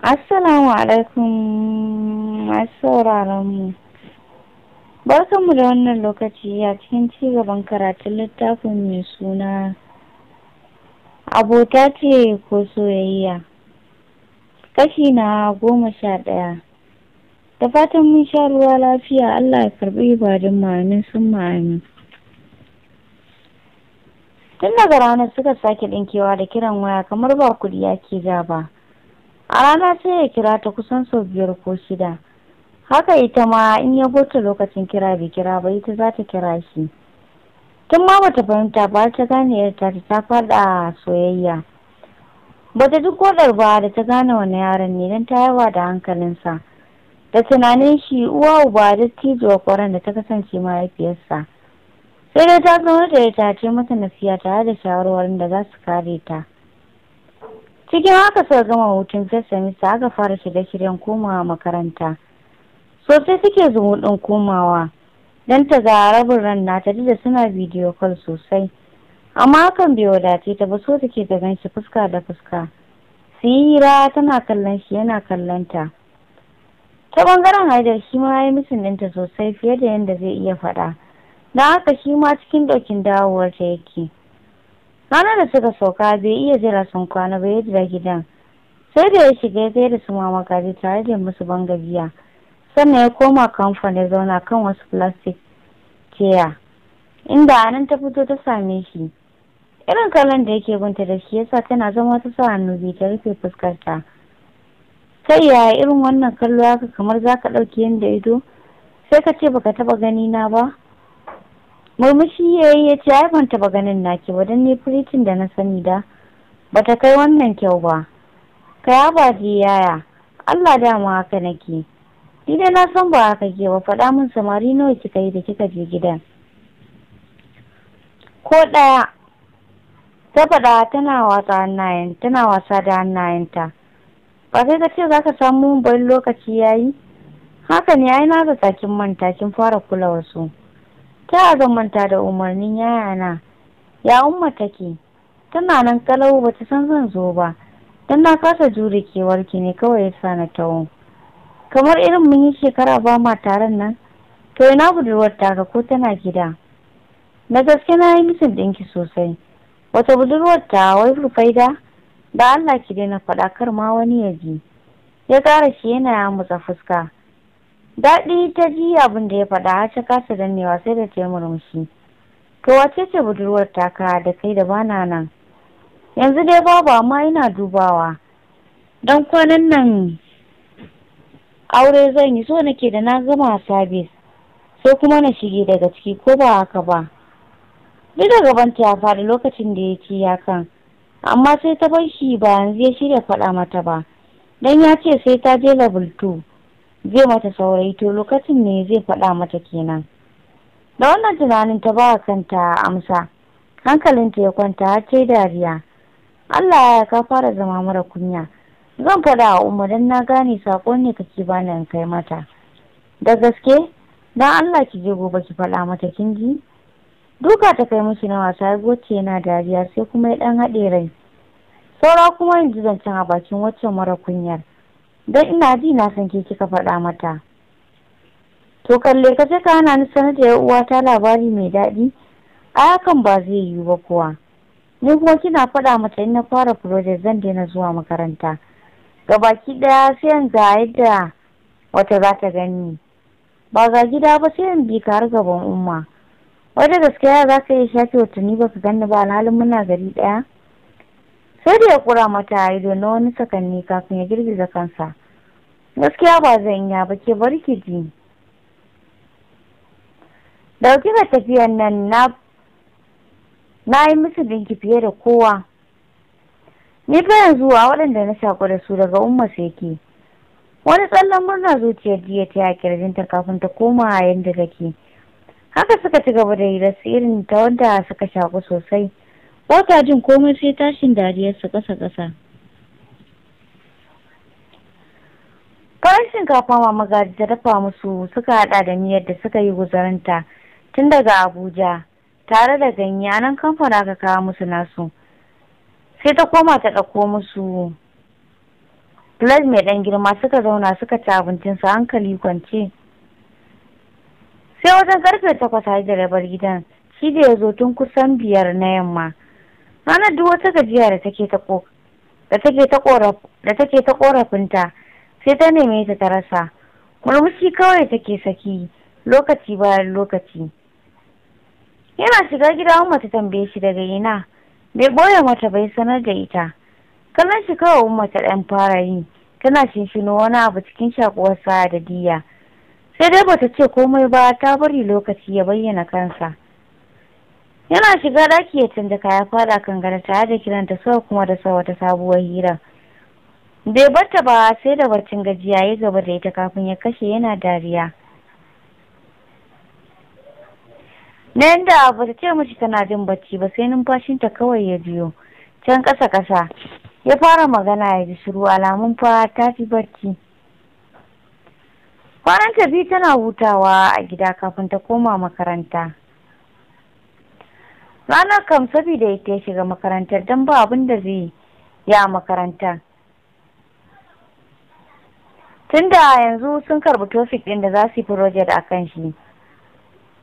Assalamu alaikum masu sauraron mu. Barkanmu da wannan lokaci a cikin cigaban karatun littafin mai suna abota ce ko soyayya. Kashi na goma sha ɗaya. Da fatan mun sha ruwa lafiya Allah ya karɓi ibadun ma'anin sun ma'ani. Tun daga ranar suka sake ɗinkewa da kiran waya kamar ba kuɗi ya ja ba. a rana sai ya kira ta kusan sau biyar ko shida haka ita ma in ya bota lokacin kira bai kira ba ita za ta kira shi tun ma bata fahimta ba ta gane yarda ta ta faɗa soyayya bata duk waɗar ba da ta gane wani yaron ne don ta yawa da hankalinsa da tunanin shi uwa uba da tijuwa kwaran da ta kasance mahaifiyarsa sai dai ta zama da ita ce mata nasiya tare da shawarwarin da za su kare ta cikin haka suka gama hutun sassanista aka fara shirye-shiryen komawa makaranta sosai suke zumuɗin komawa don ta ga rabin ran na ta da suna bidiyo kan sosai amma hakan bai wadace ta ba so take ta ganshi fuska da fuska sira tana kallon shi yana kallon ta ta bangaren haidar shi ma ya yi ɗinta sosai fiye da yadda zai iya faɗa don haka shi ma cikin ɗaukin dawowar ta yake ranar da suka sauka bai iya jira sun kwana ba ya jira gidan sai da ya shiga ya da su mama gari tare da musu bangajiya sannan ya koma kamfan ya zauna kan wasu plastic keya inda anan ta fito ta same shi irin kallon da yake binta da shi yasa tana zama ta sa hannu biyu ta rufe fuskarta kai yaya irin wannan kallo haka kamar za ka ɗauki yadda ido sai ka ce baka taɓa gani na ba murmushi ya yi ya ce ban ganin naki ba don ne firitin da na sani da Ba ta kai wannan kyau ba Ka ya ba yaya Allah dama haka nake ni dai na san ba haka ke ba faɗa min samari nawa kika yi da kika je gidan ko ɗaya ta faɗa tana wasa hannayen tana wasa da hannayenta ba sai ka ce za ka samu bari lokaci ya yi? haka ne ai na ga tsakin manta kin fara kula wasu ta zan manta da umarnin yaya na. ya umma take tana nan kalau ta san zan zo ba dan na kasa jure ki ne kawai yasa na tawo kamar irin mun yi shekara ba ma taron nan to ina budurwar taka ko tana gida na gaske na yi misin ɗinki sosai wata budurwar ta wai rufaida da Allah ki daina faɗa kar ma wani ya ji ya ƙara shi yana mutsa fuska daɗi ta ji abin da ya faɗa har ta kasa dannewa sai da ta murmushi to wace ce budurwar taka da kai da bana nan yanzu dai babu amma ina dubawa dan kwanan nan aure zan yi so nake da na gama sabis sai kuma na shige daga ciki ko ba haka ba duk da gabanta ya faɗi lokacin da ya ci ya kan amma sai ta bar shi ba yanzu ya shirya faɗa mata ba dan ya ce sai ta je level 2 zai mata saurayi to lokacin ne zai faɗa mata kenan da wannan tunanin ta ba kanta amsa hankalinta ya kwanta har ce dariya Allah ya ka fara zama mara kunya zan faɗa wa umma don na gane sakon ne kake bani in kai mata da gaske dan Allah ki je gobe ki faɗa mata kin ji duka ta kai mishi na wasa goce yana dariya sai kuma ya dan haɗe rai saura kuma yanzu zancen a bakin waccan mara kunyar don ina ji na san ke kika faɗa mata to kalle ka je ka hana ni sanar da uwata labari mai daɗi a hakan ba zai yiwu ba kuwa ni kuma kina faɗa mata in na fara project zan daina zuwa makaranta gabaki ɗaya sai in ga yadda wata za ta gani ba ga gida ba sai in bi ka har gaban umma wata gaskiya za ka iya shafe watanni ba ka gani ba alhalin muna gari ɗaya sai da ya kura mata ido na wani sakanni kafin ya girgiza kansa gaskiya ba zan ya ba ke bari ki ji dauki da tafiyan nan na na yi musu dinki fiye da kowa ni fa yanzu a waɗanda na shaƙo da su daga umma yake. wani tsallan murna zuciyar jiya ta yaƙi rajinta kafin ta koma a yadda take haka suka ci gaba da hirar su irin ta wanda suka shaƙu sosai Wata jin komai sai tashin dariyarsu ƙasa-ƙasa farar shinkafa mama gaji ta dafa musu suka hada da miyar da suka yi guzarinta tun daga abuja tare da ganye a nan kamfani aka kawo musu nasu sai ta koma ta ɗauko musu plus mai ɗan girma suka zauna suka ci abincinsu hankali kwance. Sai wajen karfe takwas a bar gidan, shi da ya zo tun kusan biyar na yamma. Ranar duk wata gajiya da take ta ƙorafinta sai ta neme ta ta rasa murmushi kawai take saki lokaci bayan lokaci yana shiga gida umma ta tambaye shi daga ina bai boye mata bai sanar da ita kallon shi kawai umma ta dan fara yi tana shinshino wani abu cikin shakuwar sa da diya sai dai bata ce komai ba ta bari lokaci ya bayyana kansa yana shiga daki ya canza kaya fada kan gana tare da kiranta sau kuma da sau wata sabuwar hira bai barta ba sai da barcin gajiya ya gaba da ita kafin ya kashe yana dariya Na yadda ba ta ce mace tana jin bacci ba sai numfashinta kawai ya biyo can ƙasa ƙasa ya fara magana ya ji shiru alamun fa ta fi barci ta biyu tana hutawa a gida kafin ta koma makaranta ranar kam sabida ita ya shiga makarantar don ba abin da zai yi makarantar tun da yanzu sun karbi tofik ɗin da za su yi project a kan shi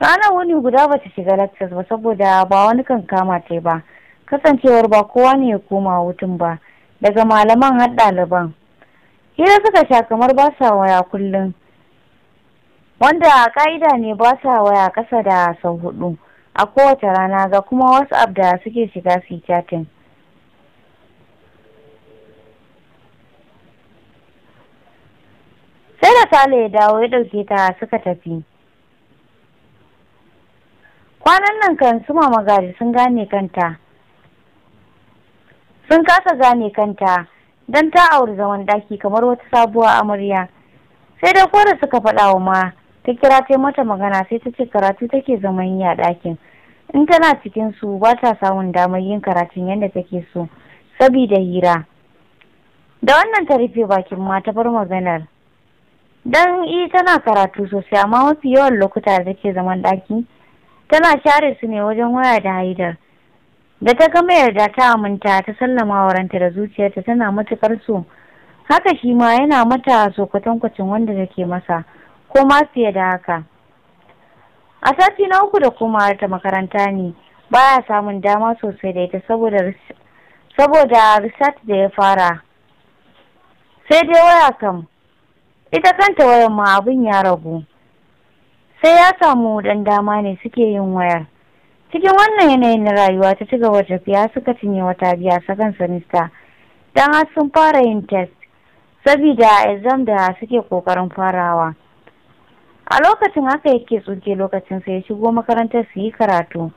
ranar wuni guda ba ta shiga lectures ba saboda ba wani kan kama ta ba kasancewar ba kowa ne ya koma hutun ba daga malaman har ɗaliban hira suka sha kamar ba sa waya kullum wanda ka'ida ne ba sa waya ƙasa da sau hudu a kowace rana ga kuma wasu da suke shiga su chatting sai da sale ya dawo ya ɗauke ta suka tafi kwanan nan kan su mama gari sun gane kanta sun kasa gane kanta don ta auri zaman daki kamar wata sabuwa amarya sai da kwada suka faɗa wa ma ta kira ta mata magana sai ta ce karatu take zaman yi a ɗakin in tana cikin su ba ta samun damar yin karatun yadda take so sabida hira da wannan ta rufe bakin ma ta bar maganar dan yi tana karatu sosai amma mafi yawan lokuta da take zaman ɗaki tana share su ne wajen waya da haidar da ta gama yarda ta aminta ta sallama wa ranta da zuciyarta tana matukar so haka shi ma yana mata so wanda wanda take masa ko ma fiye da haka a sati na uku da kuma ta makaranta ne baya samun dama sosai da ita saboda saboda da ya fara sai dai waya kam ita kanta wayar ma abin ya ragu sai ya samu dan dama ne suke yin wayar cikin wannan yanayin na rayuwa ta ci gaba tafiya suka cinye wata biya sakan sanista don har sun fara yin test sabida exam da suke kokarin farawa a lokacin haka yake tsuke lokacin sai ya shigo makarantar su yi karatu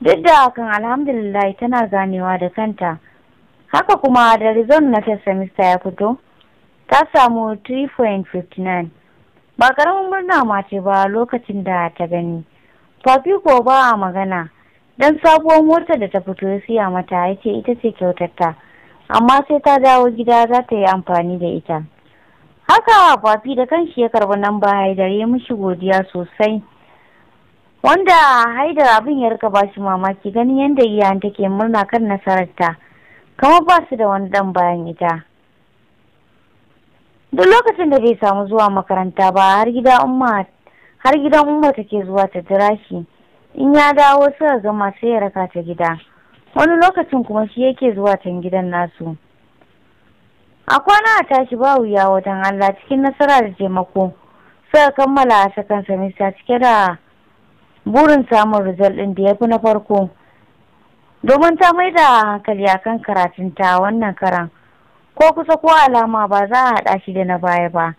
duk da hakan alhamdulillah tana ganewa da kanta haka kuma da result na test semester ya fito ta samu 3.59 ba karamin murna mace ba lokacin da ta gani fafi ko ba a magana don sabuwar motar da ta fito ya siya mata ya ce ita ce kyautatta, amma sai ta dawo gida za ta yi amfani da ita haka fafi da kanshi ya karbi nan ba haidar ya mishi godiya sosai wanda haidar abin ya rika bashi mamaki ganin yadda iyayen take murna kan nasararta kamar ba su da wani dan bayan ita duk lokacin da bai samu zuwa makaranta ba har gidan umma take zuwa ta jira shi in ya dawo ya zama sai ya raka ta gida wani lokacin kuma shi yake zuwa can gidan nasu a kwana a tashi ba wuya wajen Allah cikin nasara da taimako suka kammala a sakan semester cike da burin samun result ɗin da ya fi na farko domin ta mai da hankali akan karatunta wannan karan ko kusa ko alama ba za a haɗa shi da na baya ba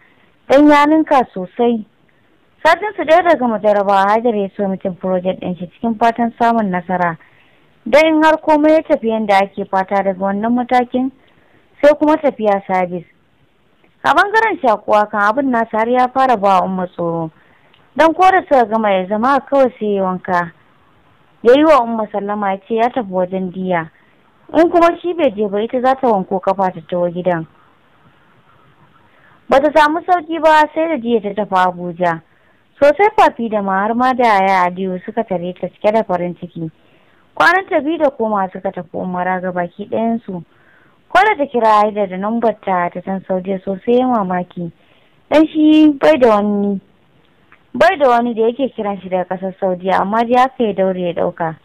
dan ya ninka sosai satin su ɗaya daga majaraba hajar ya so mutum project ɗin shi cikin fatan samun nasara dan in har komai ya tafi yadda ake fata daga wannan matakin sai kuma tafiya sabis a bangaren shakuwa kan abin nasa har ya fara ba umma tsoro dan ko da suka gama ya zama kawai sai ya wanka ya yi wa umma sallama ya ce ya tafi wajen diya in kuma shi bai je ba ita za ta wanko kafa ta tawo gidan ta samu sauki ba sai da jiya ta tafi abuja sosai fafi da ma har ma da yaya adiyo suka tare ta cike da farin ciki kwanan ta biyu da koma suka tafi umara ga baki ɗayansu ko da ta kira haida da nambar ta ta san saudiya sosai ya mamaki dan shi bai da wani bai da wani da yake kiran shi daga ƙasar saudiya amma dai haka ya daure ya ɗauka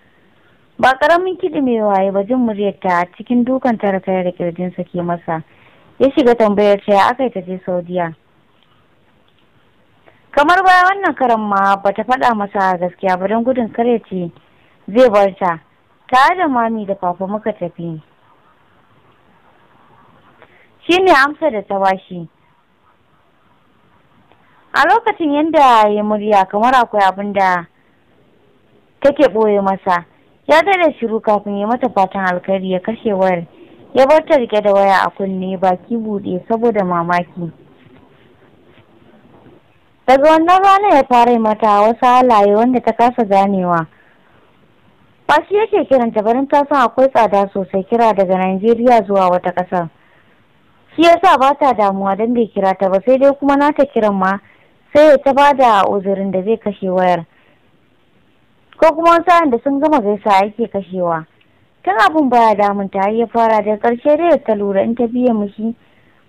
ba karamin mai waye ba jin muryarta cikin dukan tarakai da kirjinsa ke masa ya shiga tambayar ta ya aka yi ta je saudiya kamar baya wannan karan ma ba ta faɗa masa a gaskiya ba don gudun kare ce zai bar ta tare da mami da fafa muka tafi shi ne amsa da ta bashi a lokacin yadda ya murya kamar akwai abin da take ɓoye masa ya daɗa shiru kafin ya mata fatan alkhairi ya kashe wayar ya bar ta rike da waya a kunne baki buɗe saboda mamaki daga wannan rana ya fara mata wasu halaye wanda ta kasa ganewa ba shi yake kiranta barin ta san akwai tsada sosai kira daga Najeriya zuwa wata ƙasar shi ya sa ba ta damuwa don bai kira ta ba sai dai kuma nata kiran ma sai ya ta da uzurin da zai kashe wayar ko kuma wasu da sun gama gaisa yake kashewa tun abin baya damun ta ya fara da karshe da ta lura in ta biya mishi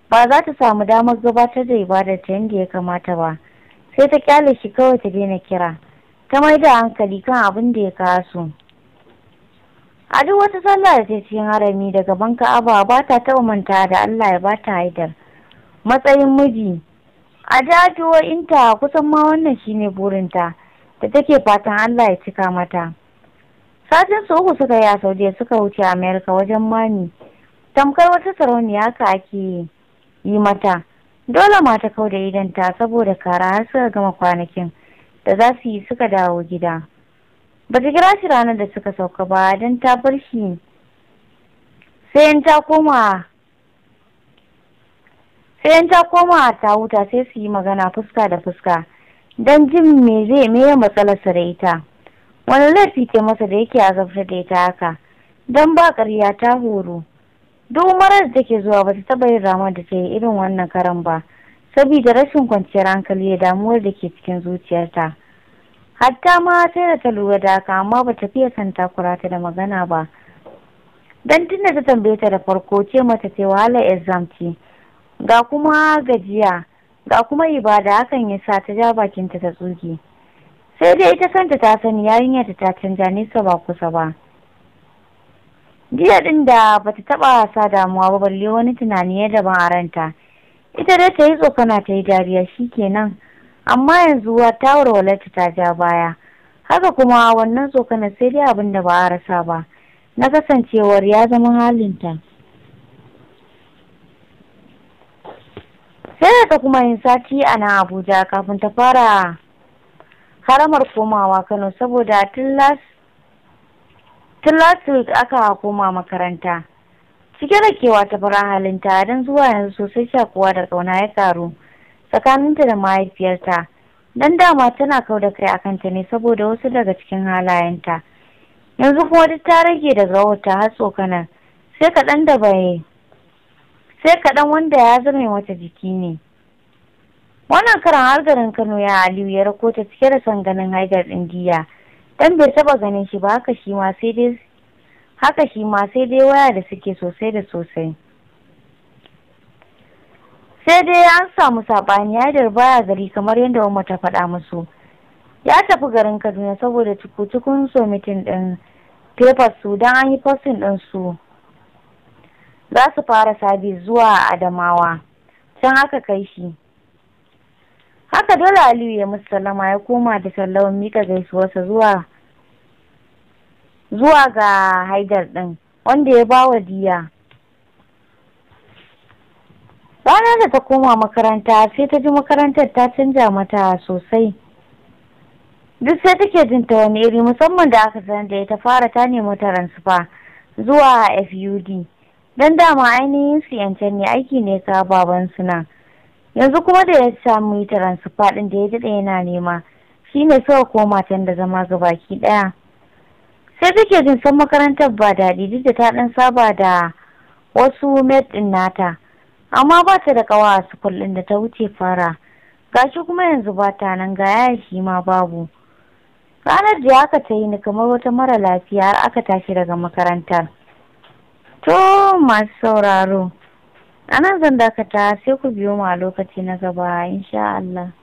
ba za ta samu damar gabatar da ibadar ta yadda ya kamata ba sai ta kyale shi kawai ta daina kira ta mai da hankali kan abin da ya kawo su a duk wata sallah da ta cikin harami daga banka aba ba ta taba manta da allah ya ba ta haidar matsayin miji a da addu'o'inta kusan ma wannan shine burinta da take fatan Allah ya cika mata. Satin su uku suka yi a Saudiya suka wuce Amerika wajen Mami. Tamkar wata sarauniya haka ake yi mata. Dole mata kau da idanta saboda kara har suka gama kwanakin da za su yi suka dawo gida. Ba ta kira shi ranar da suka sauka ba don ta bar shi sai in ta koma sai in ta koma ta wuta sai su yi magana fuska da fuska. don jin me zai meye matsalarsa da ita wani laifi ke masa da yake azabtar da ita haka don ba ƙarya ta horo duk marar da ke zuwa ba ta taɓa yin rama da ta yi irin wannan karan ba saboda rashin kwanciyar hankali da damuwar da ke cikin zuciyarta hatta ma sai da ta lura da haka amma ba ta fiye san takura ta da magana ba dan tunda ta tambaye ta da farko ce mata ce wahalar exam ce ga kuma gajiya ga kuma ibada hakan ya sa ta ja bakinta ta tsuke sai dai ita kanta ta sani yarinyar ta canja nesa ba kusa ba jiya din da bata taɓa sa damuwa ba balle wani tunani ya daban a ranta ita dai ta yi tsokana ta yi dariya shikenan amma yanzu ta warwalarta ta ja baya haka kuma wannan tsokana sai dai abin da ba a rasa ba na kasancewar ya zama halinta sai daga kuma yin sati a nan abuja kafin ta fara haramar komawa kano saboda tun last week aka koma makaranta cike da kewa ta fara halinta don zuwa yanzu sosai shakuwa da kauna ya karu tsakaninta da mahaifiyarta dan dama tana kau da kai akan ta ne saboda wasu daga cikin halayenta yanzu kuma duk ta rage daga wata har tsokanar sai kaɗan da bai sai kaɗan wanda ya zama wata jiki ne wannan karan har garin kano ya aliyu ya rako ta cike da ganin haidar ɗin giya dan bai saba ganin shi ba haka shi ma sai dai haka shi ma sai dai waya da suke sosai da sosai sai dai an samu saɓani haidar baya gari kamar yadda umma ta faɗa musu ya tafi garin kaduna saboda cuku ɗin papers su don an yi posting ɗin su za su fara sabis zuwa adamawa can haka kai shi haka dole aliyu ya salama ya koma da sallawan mika gaisuwarsa zuwa zuwa ga haidar ɗin wanda ya bawa diya ranar da ta koma makaranta sai ta ji makarantar ta canja mata sosai duk sai take jin ta wani iri musamman da aka sanar da ya ta fara ta nemi taransifa zuwa fud don dama ainihin su yancan ne aiki ne ka baban suna yanzu kuma da ya samu yi taransifa ɗin da ya daɗe yana nema shi ne suka koma can da zama ga baki ɗaya sai take jin san makarantar ba daɗi duk da ta ɗan saba da wasu med ɗin nata amma ba ta da ƙawa a sukul ɗin da ta wuce fara gashi kuma yanzu ba ta nan ga yaya shi ma babu ranar da ya aka ta yi ni kamar wata mara lafiya har aka tashi daga makarantar To masu sauraro, a zan dakata sai ku biyo mu a lokaci na gaba, insha Allah.